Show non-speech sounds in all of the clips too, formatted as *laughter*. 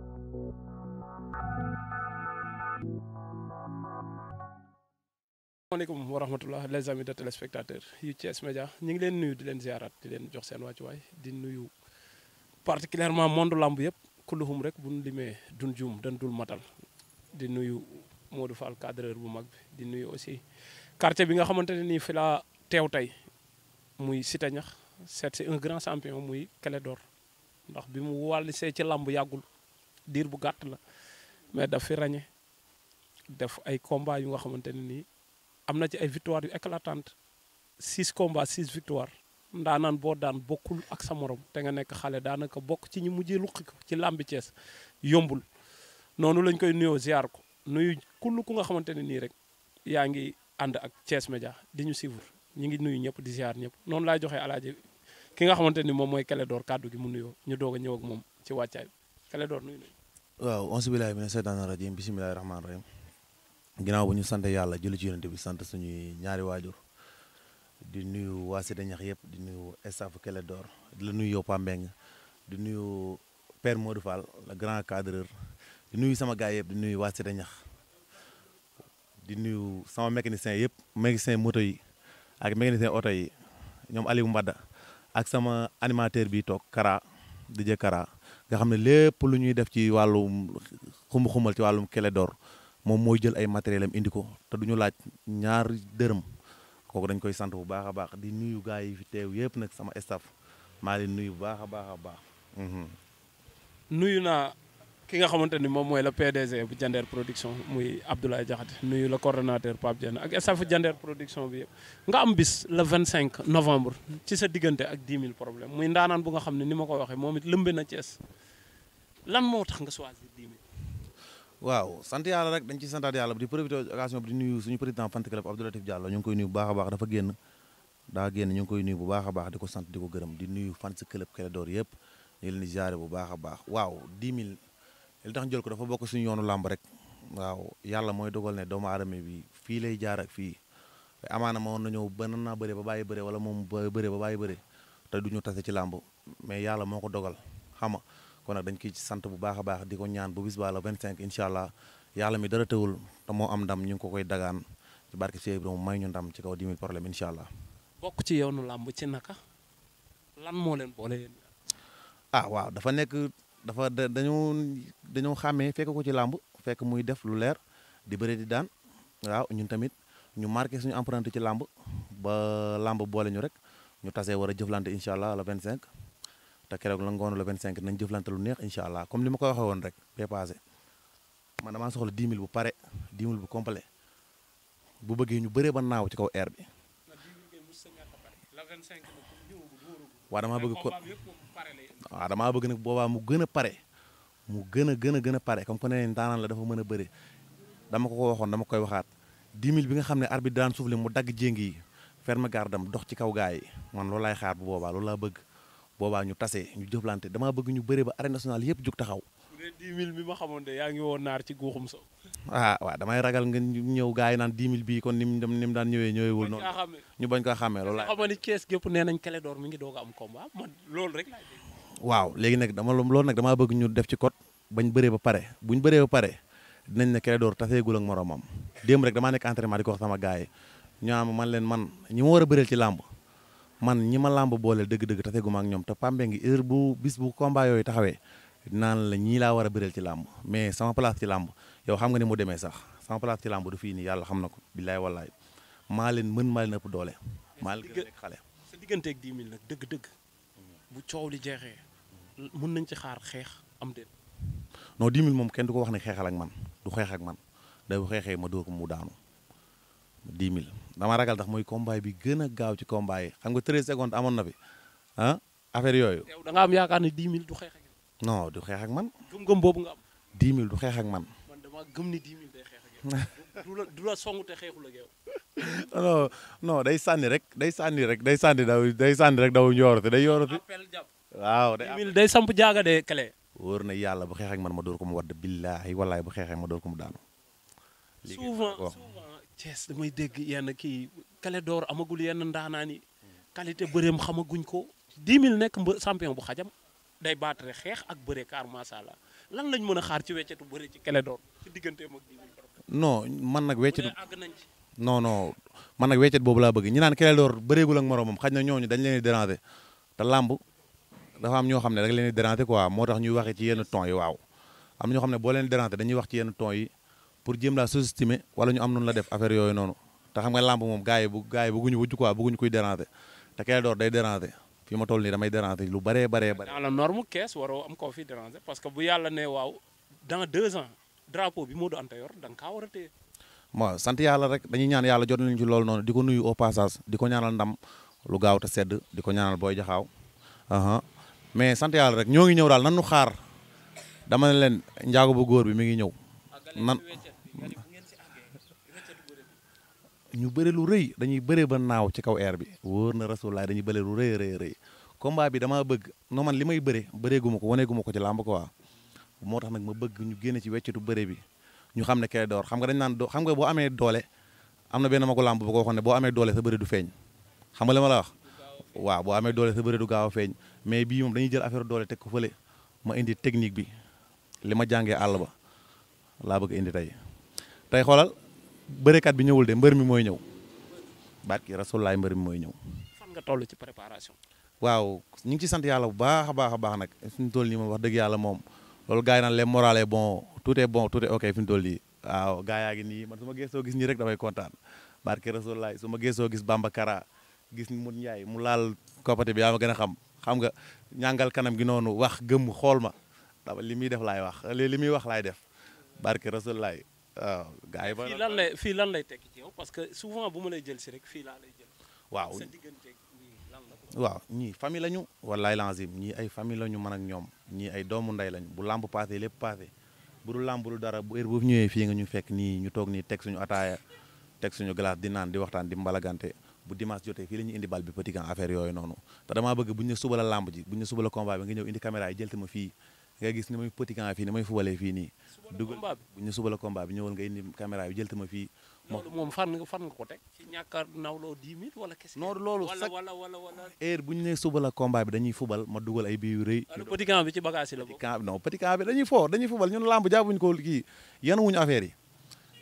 asalaamaaleykum wa rahmatullah les amis de téléspectateurs yu Thiès Média ñu ngi leen nuyu di leen ziarat di leen jox seen waay di nuyu particulièrement monde lamb yëpp kulluhum rek bu ñu limee dun juum dañ dul matal di nuyu Modou Fall cadreur bu mag bi di nuyu aussi quartier bi nga xamante ne nii fi laa teew tey muy Cité Ñax seet un grand champion muy Clédor ndax bi mu wàllisee ci làmb yàggul diir bu gàtt la mais daf fi rañe def ay combats yu nga xamante ne nii am na ci ay victoire yu éclatante six combats six victoire ndaanaan boo daan bokkul ak sa morom te nga nekk xale daanaka bokk ci ñi mujjee luqi ko ci làmbi Cees yombul noonu lañ koy nuyoo ziar ko nuyu kull ku nga xamante ne nii rek yaa ngi ànd ak Thiès Média di ñu suivre ñu ngi nuyu ñëpp di ziar ñëpp noonu laay joxe alaaji ki nga xamante ni moom mooy Clédor kàddu gi mu nuyoo ñu doog a ñëw ak moom ci wàccaay waaw onsi bilaay mina seytaani rajim bisimilahi rahmaani rahim ginnaaw bu ñu sant yàlla julli ci yonent bi sant ñuy ñaari waajur di nuyu waa Cité Ñax yëpp di nuyu staff Kélé Dóor di la nuyu yow Pambeng di nuyu Père Modou Fall le grand cadreur di nuyu sama gaay yëpp di nuyu waa Cité Ñax di nuyu sama mécanicien yëpp mécanicien moto yi ak mécanicien oto yi ñoom Aliou Mbada ak sama animateur bi toog Kara di Kara nga xam ne lépp lu ñuy def ci wàllum xumb-xumbal ci wàllum kele door moom mooy jël ay matériel am indi ko te du ñu laaj ñaar dërëm kooku dañ koy sant bu baax a baax di nuyu gars yi fi teew yëpp nag sama estaf maa leen nuyu bu baax a baax a baax. Mhm. nuyu naa. ki nga xamante ni moom mooy la PDG bu Diender production muy Abdoulaye Diakhaté nuyu la coordonnateur Pape Dieng ak staff Diender production bi yëpp nga am bis le 25 novembre ci sa diggante ak 10 000 problème muy ndaanaan bu nga xam ne ni ma ko waxee moom it lëmbe na Thiès lan moo tax nga choisir 10 000. waaw sant yàlla rek dañ ci santaat yàlla di profité occasion bi di nuyu suñu président fan club Abdou Latif Diallo ñu ngi bu baax a baax dafa génn ñu koy nuyu bu baax a baax di ko sant di ko gërëm di nuyu fan club Clédor yëpp bu baax a baax waaw 10 000. li tax jël ko dafa bokk suñu yoonu làmb rek waaw yàlla mooy dogal ne doomu aadama bi fii lay jaar ak fii amaana ma woon na ñëw ba nan naa bëre ba bàyyi bëre wala moom ba bëre ba bàyyi bëre te du ñu tase ci làmb mais yàlla moo ko dogal xama kon nag dañ koy sant bu baax a baax di ko ñaan bu bis ba la 25 incha allah yàlla mi dara tëwul te moo am ndam ñu ngi ko koy dagaan ci barke Cheikh Ibrahima may ñu ndam ci kaw 10 000 problème incha allah. bokk ci yoonu làmb ci naka lan moo leen boole yéen. Ah, dafa dañoo dañoo xàmmee fekk ko ci làmb fekk muy def lu leer di bëri di daan waaw ñun tamit ñu marqué suñu empreinte ci làmb ba làmb boole ñu rek ñu tasee war a jëflante incha allah le cinq te keroog la ngoon la le cinq nañ jëflante lu neex incha allah comme ni ma ko waxee woon rek dépassé man damaa soxla 10 000 bu pare 10 000 bu complet bu bëggee ñu bëree ba naaw ci kaw air bi. waa damaa bëgg ko waaw damaa bëgg nag boobaa mu gën a pare mu gën a gën a gën a pare comme que nee daanaan la dafa mën a bëre dama ko ko waxoon dama koy waxaat 10 000 bi nga xam ne arbitre daan suufle mu dagg jéng yi ferme gardam dox ci kaw gaa yi man loolu laay xaar bu boobaa loolu laa bëgg boobaa ñu tase ñu jëflante damaa bëgg ñu bëre ba arène nationale yëpp jug taxaw. bu yaa ngi woon naar ci guuxum ah waaw damay ragal nga ñëw gars yi naan 10 000 bii kon ni mu ni mu daan ñëwee ñëwewul noonu. ñu bañ ko xàmmee loolu la. xam nga ni Thiès nee nañ Clédor mi ngi doog a am loolu rek. waaw léegi nag dama loolu nag damaa bëgg ñu def ci code bañ bëree ba pare buñ bëree ba pare dinañ ne Clédor taseegul ak moromam démb rek damaa nekk entraînement di ko wax sama gars yi ñu am man leen man ñi ma war a bëreel ci làmb man ñi ma làmb booleel dëgg-dëgg taseeguma ak ñoom te Pambé ngi heure bu bis bu combat yooyu taxawee naan la ñii laa war a bëreel ci làmb mais sama place ci làmb yow xam nga ni mu demee sax sama place ci làmb du fii nii yàlla xam na ko billaay wallaay maa mën maa ëpp doole. maa leen gën a nekk xale. sa digganteeg nag dëgg-dëgg bu coow li jeexee mun nañ ci xaar xeex am déet. non di 000 moom kenn du ko wax ne xeexal ak man du xeex ak man day bu xeexee ma dóor ko mu daanu di 000 dama ragal ndax mooy combat bi gën a gaaw ci combat yi xam nga 13 secondes amoon na fi ah, non du xeex ak man. gëm-gëm boobu nga am. 10 000 du xeex ak man. man dama gëm ni 10 000 day xeex ak yow. du la du la song te xeexul ak yow. *laughs* non non day sànni rek day sànni rek day sànni daw day sànni rek daw yoorati day yoorati. waaw day am day samp jaaga de kale. wóor na yàlla bu xeex ak man ma door ko mu wadd billaahi wallaahi bu xeexee ma door ko mu daanu. souvent souvent Thiès damay dégg yenn kii Kale Dóor amagul yenn ndaanaan yi qualité bëreem xamaguñ ko 10 000 nekk champion bu xajam. day baatare xeex ak bëre kaar macha allah lan lañ mën a xaar ci weccetu bëree ci kele doon ci digganteem ak non man nag weccetu non non man nag weccet boobu laa bëgg ñi naan kele door bëreegul ak moromam xaj na ñooñu dañ leen di déranger te làmb dafa am ñoo xam ne da nga leen ko déranger moo tax ñuy waxee ci yenn ton yi waaw am ñoo xam ne boo leen déranger dañuy wax ci yenn ton yi pour jéem laa sous-estimer wala ñu am noonu la def affaire yooyu noonu te xam nga làmb moom gars yi bu gars yi bëgguñu wujj quoi bëgguñu kuy déranger te kele door day déranger fi ma toll nii damay déranger lu bëree bëree bëri. dans la norme kees waroo am koo fi déranger parce que bu yàlla nee waaw dans deux ans drapeau bi Modou Anta yor da nga kaa war a téye. waaw sant yàlla rek dañuy ñaan yàlla jot nañu ci loolu noonu di ko nuyu au passage di ko ñaanal ndam lu gaaw te sedd di ko ñaanal booy jaxaaw mais sant yàlla rek ñoo ngi ñëw daal nan nu xaar dama ne leen njaago bu góor bi mi ngi ñëw ñu bëre lu rëy dañuy bëre ba naaw ci kaw air bi wóor na rasulaay dañuy bëre lu rëy rëy rëy combat bi damaa bëgg no man li may bëre bëree gu ma ko wanee gu ko ci làmb quoi moo tax nag ma bëgg ñu génne ci weccitu bëre bi ñu xam ne Clédor xam nga dañ naan do xam boo amee doole am na benn ma ko làmb bu ko waxoon ne boo amee doole sa bëre du feeñ xam nga li ma la wax waaw boo amee doole sa bëre du gaaw a feeñ mais bii moom dañuy jël affaire doole teg ko fële ma indi technique bi li ma jàngee àll ba laa bëgg indi tey tey xoolal bërekat bi ñëwul de mbër mi mooy ñëw barki rasulaay mbër mi mooy ñëw. fan nga toll ci préparation. waaw ñu ngi ci sant yàlla bu baax a baax a baax nag fi ñu toll nii moom wax dëgg yàlla moom loolu gars yi naan le moral bon tout est bon tout est ok fi ñu toll nii waaw gars yaa ngi nii man su ma gëstoo gis nii rek damay kontaan barki rasulaay su ma gëstoo gis Bamba Kara gis mu Ndiaye mu laal coppite bi yaa ma gën a xam xam ga ñàngal kanam gi noonu wax gëm xool ma li muy def laay wax li muy wax laay def barki rasulaay waaw gars yi lan lay fii lan lay tekki yow parce que souvent bu ma lay jël si rek fii laa lay jël. waaw sa diggante ñii lan la ko. waaw ñii famille lañu. wallaay lazim ñii ay famille lañu man ak ñoom ñii ay doomu ndey lañu bu làmb paasee lépp paase bu dul làmb lu dara bu heure boobu ñëwee fii nga ñu fekk nii ñu toog nii teg suñu ataaya teg suñu glace di naan di waxtaan di mbalagante bu dimanche jotee fii la ñuy indi bal bi petit camp affaire yooyu noonu te damaa bëgg bu ñu ne suba la làmb ji bu ñu suba la combat bi nga ñëw indi caméra yi ma fii nga gis ni muy petit camp fii ni muy fubalee loolu moom fan nga a nawloo 10 minutes wala kese. non loolu sax wala wala wala. heure bu ñu nee suba la combat dañuy fubal ma dugal ay biir yu rëy. petit camp bi ci bagage yi la bokk. petit bi dañuy fo dañuy fubal ñun làmb jàppuñu ko kii yan wuñu affaire yi.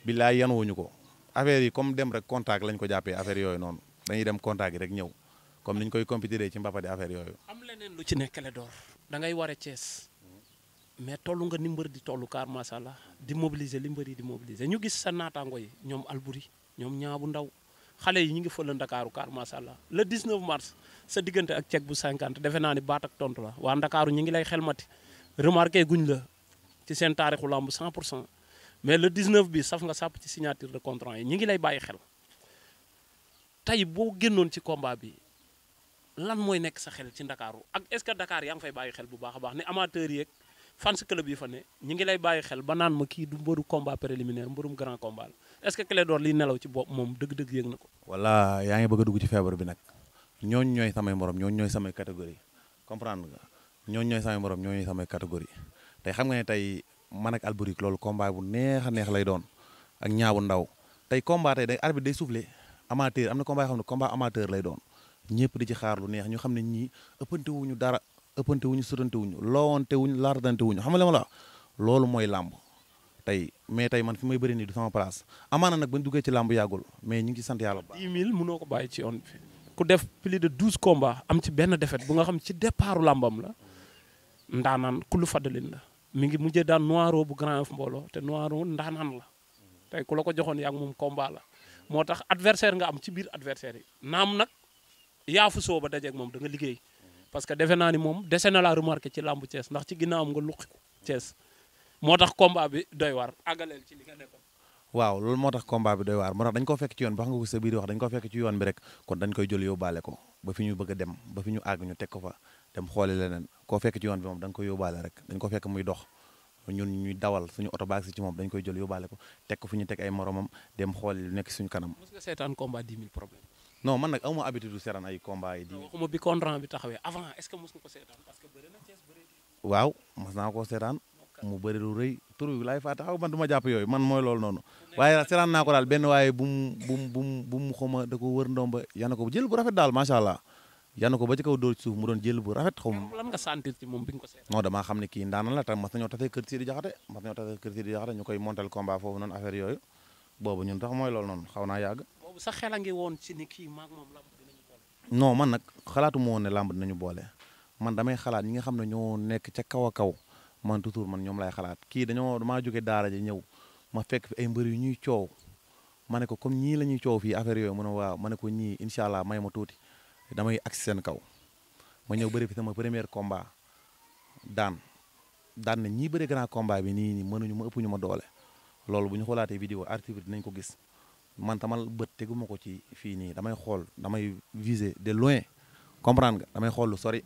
billaay yan ko affaire yi comme dem rek contact lañ ko jàppee affaire yooyu noonu dañuy dem contact yi rek ñëw comme niñ koy compétiré ci mbappa di affaire yooyu. am leneen lu ci nekk Clédor da ngay waree Thiès mais tollu nga ni di toll kaar macha allah di mobiliser li yi di mobiliser ñu gis sa naataango yi ñoom Alburi ñoom ñaabu ndaw xale yi ñu ngi fële ndakaaru kaar macha allah le 19 mars sa diggante ak ceeg bu 50 defe naa ni baat ak tontu la waa ndakaaru ñu ngi lay xelmati remarqué guñ la ci seen taarixu làmb pour cent mais le 19 bi saf nga sàpp ci signature de contrat yi ñu ngi lay bàyyi xel tey boo génnoon ci komba bi lan mooy nekk sa xel ci ndakaaru ak est-ce que Dakar yaa ngi fay bàyyi xel bu baax a ne amateur yeeg. fans club yi fa ne ñi ngi lay bàyyi xel ba naan ma kii du mbëru combat préliminaire mbërum grand combat la est-ce que Clédor liy nelaw ci bopp moom dëgg-dëgg yëg na ko. wala yaa ngi bëgg a dugg ci feebar bi nag ñooñu ñooy samay morom ñooñu ñooy samay catégorie comprendre nga ñooñu ñooy morom ñooñu ñooy samay catégorie tey xam nga ne tey man ak Alboury loolu combat bu neex a neex lay doon ak ñaaw ñaabu ndaw tey combat tey day arbitre day soufflé amateur am na combat yoo xam ne combat amateur lay doon ñëpp di ci xaar neex ñu xam ne ñii ëppante wuñu dara ëppante wuñu sutante wuñu loowante wuñu laardante wuñu xam nga ma la loolu mooy làmb tey mais tey man fi may bëri nii du sama place amaana nag bañ duggee ci làmb yàggul mais ñu ngi sant yàlla bu baax. 10 000 mënoo ko bàyyi ci on bi ku def plus de douze komba am ci benn défaite bu nga xam ci départu làmbam la ndaanaan kullu fadalin la mi ngi mujjee daan noiro bu grand mbooloo te noiro ndaanaan la tey ku la ko joxoon yaa ngi moom combat la moo tax adversaire nga am ci biir adversaire yi naam nag yaafu soo ba dajeeg moom da nga liggéey. parce que defe naa ni moom dese na laa remarqué ci làmbu Thiès ndax ci ginnaawam nga luqi ko Thiès moo tax combat bi doy waar àggaleel ci li nga nekkoon. waaw loolu moo tax combat bi doy waar moo tax dañ fekk ci yoon bi wax nga ko sa fekk yoon bi rek kon dañ koy jël yóbbaale ko ba fi ñu bëgg dem ba fi ñu àgg ñu teg ko fa dem xooli leneen koo fekk ci yoon bi moom dañ koy yóbbaale rek dañ ko fekk muy dox ñu ñuy dawal suñu oto si ci moom dañ koy jël yóbbaale ko teg fu ñu teg ay moromam dem xooli lu nekk suñu kanam. mos nga seetaan combat 10 non man nag aw ma habitude seetaan ay combat yi. di waxuma bi contrat bi ko seetaan parce que bëri na mu bëri lu rëy tur bi laay fàtte man du ma jàpp yooyu man mooy loolu noonu. waaye seetaan naa ko daal benn waaye bu mu bu mu bu mu bu mu ko wër jël bu rafet daal macha allah yana ko ba kaw dóor suuf mu doon jël bu rafet. xaw ma lan xam ne kii ndaana la tam mas nañoo tasee kër Sidi Jaxate mas nañoo tasee kër Sidi Jaxate ñu koy montal combat foofu noonu affaire yooyu boobu ñun naa yàgg boobu sa xel a ngi woon ci ni kii maag moom làmb man nag xalaatu ma woon ne làmb nañu boole man damay xalaat ñi nga xam ne ñoo nekk ca kaw a kaw man toujours man ñoom lay xalaat kii dañoo damaa jóge daara ji ñëw ma fekk fi ay mbër yu ñuy coow ma ne ko comme ñii la ñuy coow fii affaire yooyu mu ne waaw ma ne ko ñii incha allah may ma tuuti damay agsi seen kaw ma ñëw bëri fi sama premier komba daan daan na ñii bëri grand combat bi nii nii mënuñu ma ëpp ñu ma doole loolu bu ñu xoolaatee vidéo article nañ ko gis man tamal bët teguma ko ci fii nii damay xool damay viser de loin comprendre nga damay xool sori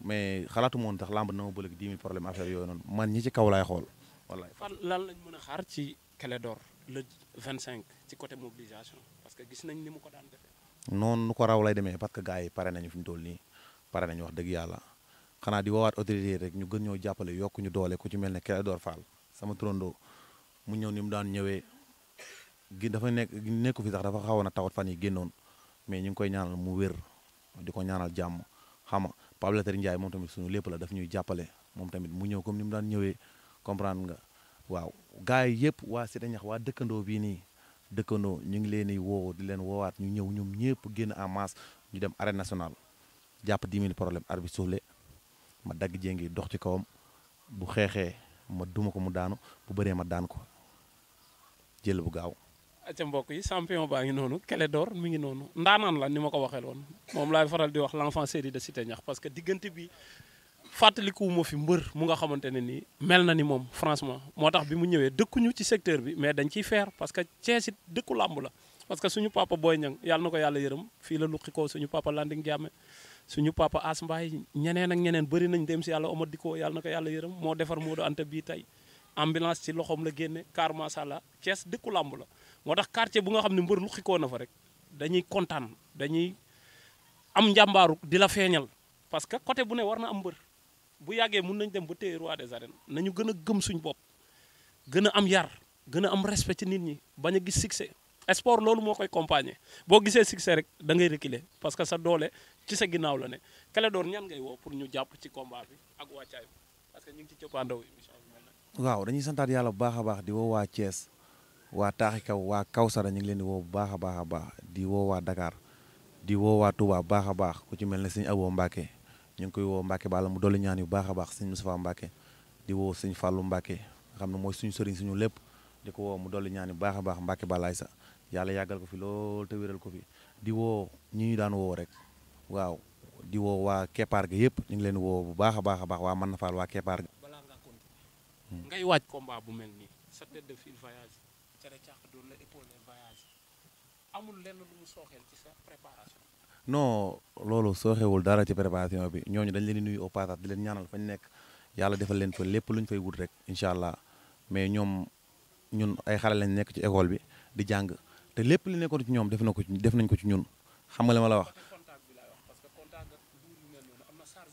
mais xalaatu moon tax lamb na ma bëlëg 10 000 problème affaire yooyu noonu man ñi ci kaw lay xool wallaay. fan lan lañ mën a xaar ci Clédor le 25 ci côté mobilisation parce que gis nañ ni mu ko daan defee. noonu nu ko raw lay demee parce que gars yi pare nañu fi mu toll nii pare nañu wax dëgg yàlla xanaa di woowaat autorité rek ñu gën ñoo jàppale yokku ñu doole ku ci mel ne Clédor Fall sama turandoo mu ñëw ni mu daan ñëwee. gi dafa nekk nekku fi sax dafa xawoon a tawat fan yi génnoon mais ñu ngi koy ñaanal mu wér di ko ñaanal jàmm xam nga Pape Latir Ndiaye moom tamit suñu lépp la daf ñuy jàppale moom tamit mu ñëw comme ni mu daan ñëwee comprendre nga waaw gars yi yëpp waa Cité Ñax waa dëkkandoo bii nii dëkkandoo ñu ngi leen di woo di leen woowaat ñu ñëw ñoom ñëpp génn en masse ñu dem arène national jàpp 10 000 problème arbitre soufflé ma dagg jéngi dox ci kawam bu xeexee ma duma ko mu daanu bu bëree ma daan ko jël gaaw acca mbokk yi champion baa ngi noonu Kélé Dóor mi ngi noonu ndaanaan la ni ma ko waxee woon moom laay faral di wax l'enfant série de Cité Niakh parce que diggante bi fàttalikuwuma fi mbër mu nga xamante ne nii mel na ni moom francement moo tax bi mu ñëwee dëkkuñu ci secteur bi mais dañ ciy feer parce que Thiès it dëkku làmb la parce que suñu papa booy Niang yàlla na ko yàlla yërëm fii la luqi ko suñu papa Landing Diame suñu papa As Mbaye ñeneen ak ñeneen bëri nañ dem si yàlla Omar Diko yàlla na ko yàlla yërëm moo defar Modou Anta bii tey ambulance ci loxoom la génne car masha Allah Thiès dëkku la moo tax quartier bu nga xam ne mbër lu koo na fa rek dañuy kontaan dañuy am njàmbaaru di la feeñal parce que côté bu ne war na am mbër bu yàggee mun nañ dem ba téye roi des arènes nañu gën a gëm suñ bopp gën a am yar gën a am respect ci nit ñi bañ a gis succès sport loolu moo koy accompagner boo gisee succès rek da ngay reculer parce que sa doole ci sa ginnaaw la ne kele doon ñan ngay woo pour ñu jàpp ci combat bi ak wàccaay parce que ñu ngi ci cëppaandaw émission bi waaw dañuy santaat yàlla bu baax a baax di woo waa Thiès waa taaxi kaw waa Kawsara ñu ngi leen di woo bu baax a baax baax di woo waa Dakar di woo waa Touba bu baax a baax ku ci mel ne sëñ Abo mbaake ñu ngi koy woo Mbacke bala mu dolli ñaan yu baax a baax sëñ Moustapha Mbacke di woo sëñ Fallou Mbacke xam ne mooy suñu sëriñ suñu lépp di ko woo mu dolli ñaan yu baax a baax Mbacke balaay sa yàlla yàggal ko fi lool te wéral ko fi di woo ñi ñu daan woo rek waaw di woo waa keppaar gi yëpp ñu ngi leen woo bu baax a baax a baax waa mën na faal waa keppaar ga hmm. ngay waaj combat bu mel tere càq dóor la épaulé voyage amul lenn sooxeel ci préparation. loolu sooxewul dara ci préparation bi ñooñu dañ leen di nuyu au di leen ñaanal fañ nekk yàlla defal leen fa lépp luñ fay wut rek incha allah mais ñoom ñun ay xale lañ nekk ci école bi di jàng te lépp li nekkoon ci ñoom def na ko ci def nañ ko ci ñun xam nga li ma la wax.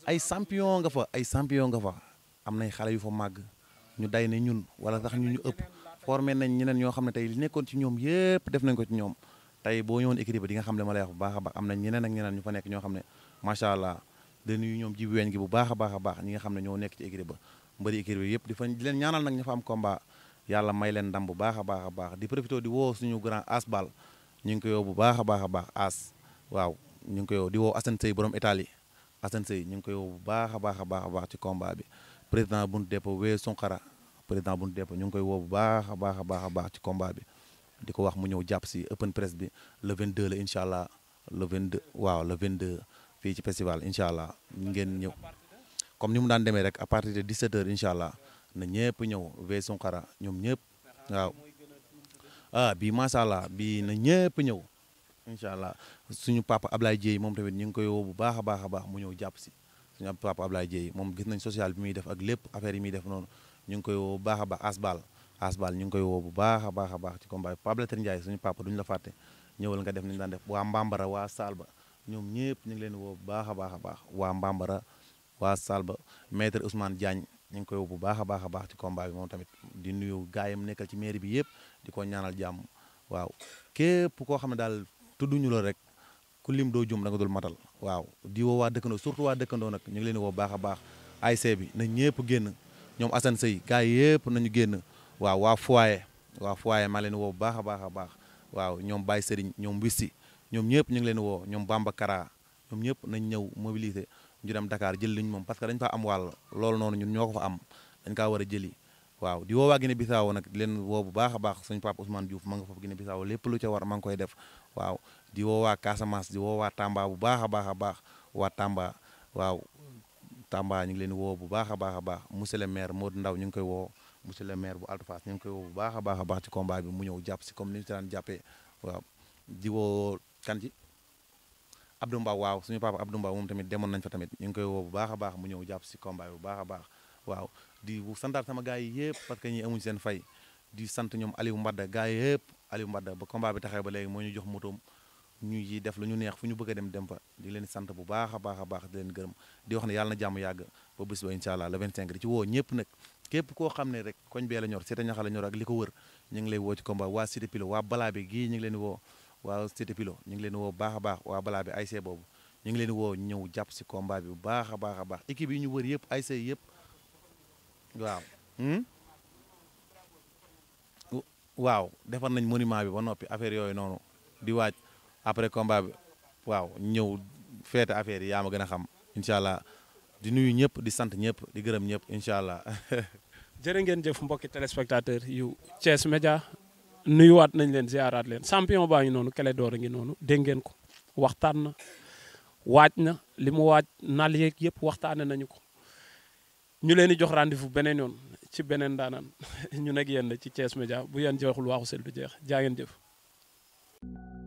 ay champion nga fa ay champion nga fa am nay xale yu fa màgg ñu day ne ñun wala sax ñu ñu ëpp. formé nañ ñeneen ñoo xam ne tey li nekkoon ci ñoom yëpp def nañ ko ci ñoom tey boo ñëwoon écrit ba di nga xam ne ma lay wax bu baax a baax am nañ ñeneen ak ñeneen ñu fa nekk ñoo xam ne macha allah dañuy ñoom jibi weñ gi bu baax a baax a baax ñi nga xam ne ñoo nekk ci écrit ba mbëri écrit yëpp di fa di leen ñaanal nag ña am combat yàlla may leen ndam bu baax a a baax di profité di woo suñu grand as bal ñu ngi ko yow bu baax a baax a baax as waaw ñu ngi ko yow di woo Assane Seye borom Italie Assane Seye ñu ngi ko yow bu baaxa a baax a baax a baax ci komba bi président buntu dépôt wee Sunkara président bu nu depp ñu ngi koy woo bu baax a baax baax a baax ci combat bi di wax mu ñëw jàpp si open press bi le 22 la incha allah le 22 waaw le 22 fii ci festival incha allah ngeen ñëw comme ni mu daan demee rek à partir de 17h incha allah na ñëpp ñëw Vieux Sonkara ñoom ñëpp waaw ah bii macha allah bii na ñëpp ñëw incha allah suñu papa Ablaye Dieye moom tamit ñu ngi koy woo bu baax a baax a baax mu ñëw jàpp si suñu papa Ablaye Dieye moom gis nañ social bi muy def ak lépp affaire yi muy def noonu. ñu ngi koy woo bu baax a baax asbal asbal ñu ngi koy woo bu baax a baax a baax ci combat bi Pape Latir Ndiaye suñu papa duñu la fàtte ñëwal nga def ni ñu daan def waa Mbambara waa Salba ñoom ñëpp ñu ngi leen woo bu baax a a baax waa Mbambara waa Salba maître Ousmane Diagne ñu ngi koy woo bu baax a baax a baax ci combat bi moom tamit di nuyu gaayam nekkal ci mairie bi yëpp di ko ñaanal jàmm waaw képp koo xam ne daal tudduñu la rek ku lim doo jum da nga dul matal waaw di woo waa dëkkandoo surtout waa dëkkandoo nag ñu ngi leen woo baax a baax ASC bi na ñëpp génn ñoom Assane Seye gars yëpp nañu génn waaw waa Foye waa Foye maa leen woo bu baax a baax a baax waaw ñoom Baye Serigne ñoom Wissi ñoom ñëpp ñu ngi leen woo ñoom Bamba ñoom ñëpp nañ ñëw mobiliser ñu dem Dakar jël liñ moom parce que dañ fa am wàll loolu noonu ñun ñoo ko fa am dañ kaa war a jëli waaw di woo waa Guinée Bissau nag leen woo bu baax a baax suñu papa Ousmane Diouf ma nga foofu Guinée Bissau lépp lu ca war ma ngi koy def waaw di woo waa Casamance di woo waa Tamba bu baax a baax a baax waa Tamba waaw Tamba ñu ngi leen di woo bu baax a baax a baax monsieur le maire Modou Ndaw ñu ngi koy woo monsieur le maire bu Alta Fass ñu ngi baax a baax a baax ci combat bi mu ñëw jàpp di woo kan ci Abdou Mbaw waaw suñu papa moom tamit demoon nañ fa tamit ñu ngi koy woo bu baax baax mu ñëw jàpp si combat bi bu baax a baax waaw di santaat sama gaa yi yëpp parce que ñi amuñ seen fay di sant ñoom Aliou Mbadda gaa yi yëpp Aliou Mbadda ba combat bi taxee ba léegi moo ñu jox motoom ñuy yi def la ñu neex fu ñu bëgg a dem dem fa leen sant bu baax a baax a baax di leen gërëm di wax ne yàlla na jàmm yàgg ba bis ba incha allah le 25 di ci woo ñëpp nag képp koo xam ne rek koñ bee la ñor Cité Niaxa la ñor ak li ko wër ñu ngi lay woo ci combat waa Cité Pilo waa ñu ngi leen woo waa Cité a baax ñu ngi leen woo ñëw jàpp si combat bi bu baax a baax a baax équipe yi ñu wër yëpp ASC yëpp waaw hmm? waaw defar nañ monument bi ba noppi affaire yooyu noonu di waaj après combat bi waaw ñëw feete affaire yi yaa ma gën a xam incha allah di nuyu ñëpp di sant ñëpp di gërëm ñëpp incha allah. *laughs* jërë ngeen jëf mbokki téléspectateur yu Thiès Média nuyuwaat nañ leen ziaraat leen champion baa ngi noonu Clédor a ngi noonu dégg ngeen ko waxtaan na waaj na li mu waaj naal yeeg yëpp waxtaane nañu ko ñu leen di jox rendez beneen yoon ci beneen daanaan *laughs* ñu nekk yéen ci Thiès Média bu yéen joxul waxu sel du jeex jaa ngeen jëf.